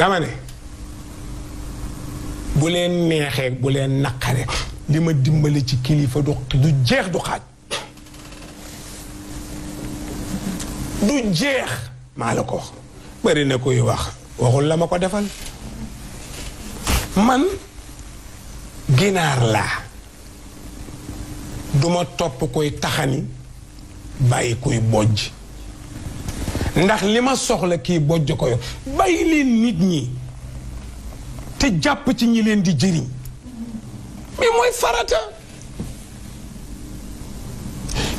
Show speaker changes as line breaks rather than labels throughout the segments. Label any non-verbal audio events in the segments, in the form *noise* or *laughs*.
dama ne bu leen neexee bu leen naqare li ma dimbali ci kilifa du du jeex du xaaj du jeex maa la ko wax bari na koy wax waxul la ma ko defal man ginaar laa duma topp koy taxani bàyyi koy bojj ndax li ma soxla kii bojj ko yo bàyyi leen nit ñi te jàpp ci ñi leen di jëriñ mais mooy farata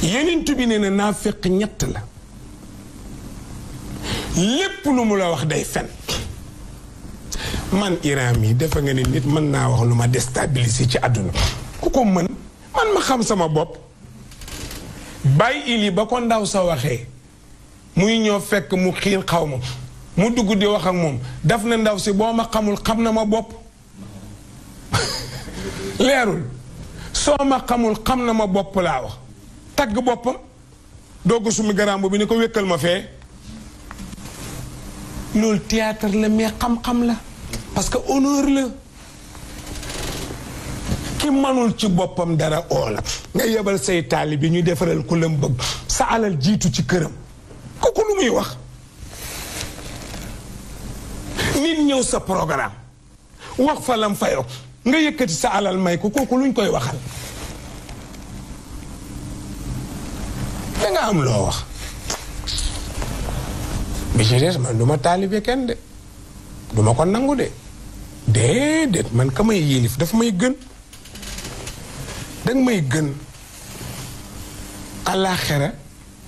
yeneentu bi nee na naa fekk ñett la lépp lu mu la wax day fen man Iran mi dafa nga ne nit mën naa wax lu ma déstabiliser ci àdduna ku ko mën man ma xam sama bopp bàyyi ili ba ko ndaw sa waxee muy ñoo fekk mu xiir xaw ma mu dugg di wax ak moom daf na ndaw si boo ma xamul xam na ma bopp *laughs* leerul soo ma xamul xam na ma bopp laa wax tagg boppam doog sumi garamb bi ni ko wékkal ma fee loolu théâtre la mais xam-xam la parce que honneur la ki manul ci boppam dara oola nga yebal say taali bi ñu defaral ku lam bëgg sa alal jiitu ci këram kooku lu muy wax nit ñëw sa programme wax fa lam fayoo nga yëkkati sa alal may ko kooku luñ koy waxal danga am loo wax bi ci des man du ma taalibe kenn de du ko nangu de déedéet man ka may yilif dafa may gën danga may gën àllaaxira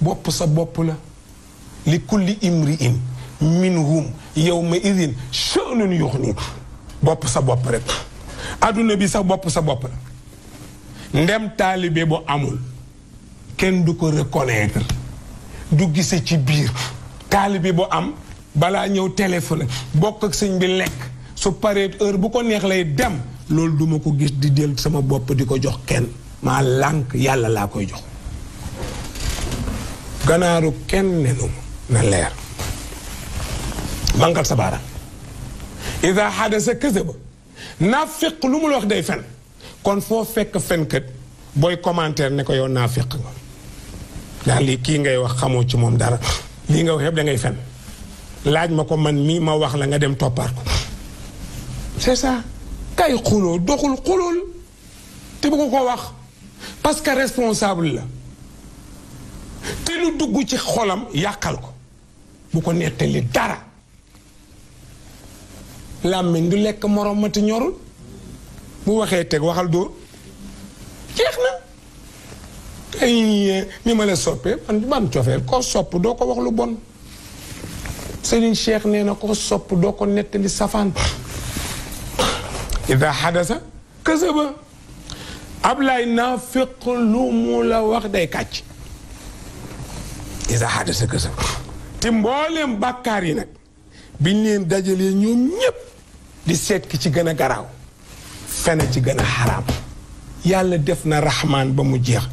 bopp sa bopp la li kulli imri'in minhum yawma idin sha'nun yughni bopp sa bopp rek adduna bi sa bopp sa bopp la ndem taalibe bu amul kenn du ko reconnaître du gise ci biir taalibe bu am balaa ñëw téléphone bokk ak sëñ bi lekk su paree heure bu ko neex lay dem loolu duma ko gis di del sama bopp di ko jox kenn maa lànk yàlla laa koy jox ganaaru kenn nenuma na leer mangal sa baaraam ida xadasa këse ba naafiq lu mu la wax day fen kon foo fekk fenkat booy commentaire ne ko yoon naafiq nga ndax kii ngay wax xamoo ci moom dara lii nga wax yëpp da ngay fen laaj ma ko man mii ma wax la nga dem toppaat ko c'est ça kay xuloo doxul xulool te bu ko wax parce que responsable la te lu dugg ci xolam yàqal ko bu ko nettali dara làmmiñ du lekk morom ma te ñorul bu waxee teg waxal dóor jeex na ay ni ma la soppee man ban cofeel koo sopp doo ko wax lu bon Serigne Cheikh nee na koo sopp doo ko nettali safaan ida xadasa kasaba Ablaay naafiq lu mu la wax day kàcc ida xadasa kasaba te mbooleem bàkkaar yi nag biñ leen dajalee ñoom ñépp di seet ki ci gën a garaaw fene ci gën a xaraam yàlla def na raxmaan ba mu jeex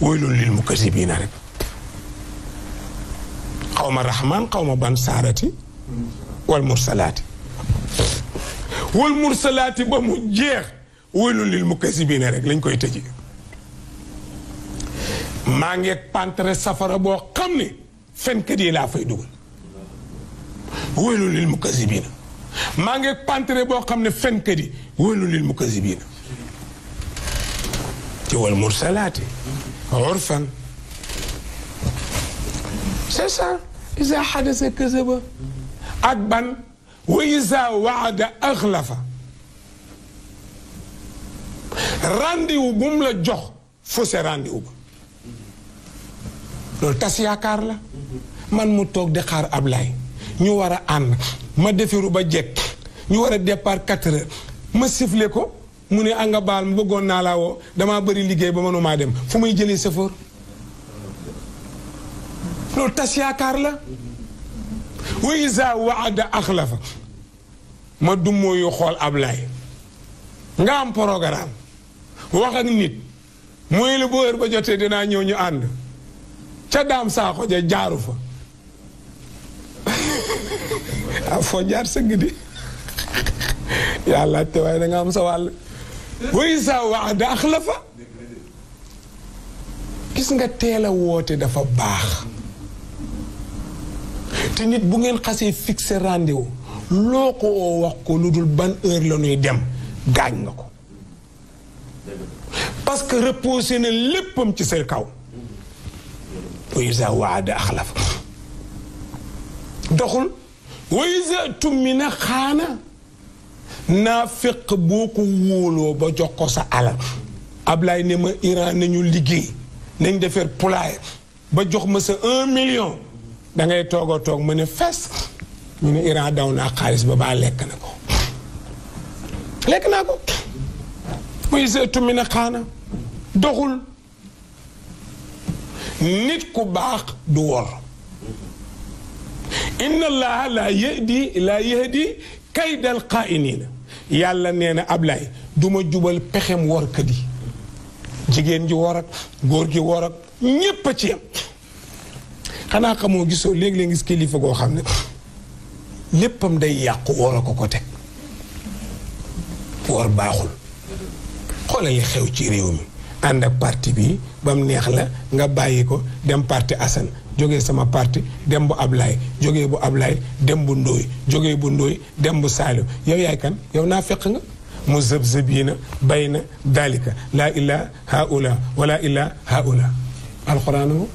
waylun lil xaw ma ban saarati wal mursalaati mursalaati ba mu jeex waylun lil rek lañ koy tëjee maa ngeeg pantre safara boo xam ne fenkat yi laa fay dugal waylul lil mukazzibina maa ngi pantere boo xam ne fenkat yi waylul lil mukazzibina ci wal mursalaati urfan c'est ça isa xadasa kazaba ak jox fausse rendez-vous ba loolu tas yaakaar man mu toog di xaar Ablaye ñu war a ànd ma defiru ba jekk ñu war a départ 4 heures ma sifle ko mu ne anga baal ma bëggoon naa laa woo damaa bëri liggéey ba mënumaa dem fu muy jëlee sëfoor loolu tas yaakaar la wa isa waada axlafa ma dummóoyu xool Ablaye nga am programme wax ak nit muy lu bu heure ba jotee dinaa ñëw ñu ànd ca daam saako ja jaaru fa ah foo jaar sëgg di yàlla te waaye da am sa wàll way sa wax da ax la fa gis nga teel a woote dafa baax te nit bu ngeen xasee fixé rendez-vous loo ko oo wax ko lu dul ban heure la ñuy dem gaañ nga ko parce que reposé na léppam ci say kaw way wax da ax la fa doxul wa iza tumina xaana naa féq boo ko wóoloo ba jox ko sa alal Ablaye ne ma Iran nañu liggéey nañ defar poulailler ba jox ma sa un million dangay ngay toog a toog ma ne fes ñu ne Iran daw naa xaalis ba baa lekk na ko lekk naa ko wa tumina xaana doxul nit ku baax du wor inna allaha laa yahdi laa yahdi kaydal xaa'iniina yàlla nee na Ablaay duma jubal pexem workat yi jigéen ji wor ak góor gi wor ak a ci yam xanaa xamoo gisoo léegi-léegi gis kilifa goo xam ne léppam day yàqu wor a ko ko teg woor baaxul xoolal xew ci réew mi ànd ak parti bi bam neex la nga bàyyi ko dem parti Assane joge sama parti dem bu Ablaye jógee bu Ablaye dem bu Ndooy jógee bu Ndooy dem bu Saaliw yow yaay kan yow naa fekk nga mu zëb bayna dalika la illaa haula wala illaa haula alxuraan mo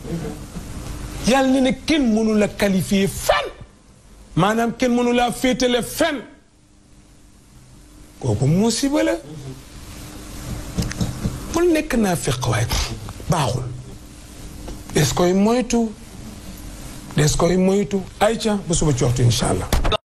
yàlla ne ne kenn mënu la qualifier fenn maanaam kenn mënu laa féetale fenn kooku musiba la bul nekk naa fekk waaye baaxul est-ce que moytu des koy moytu ayca ba suba ci waxtu incha allah.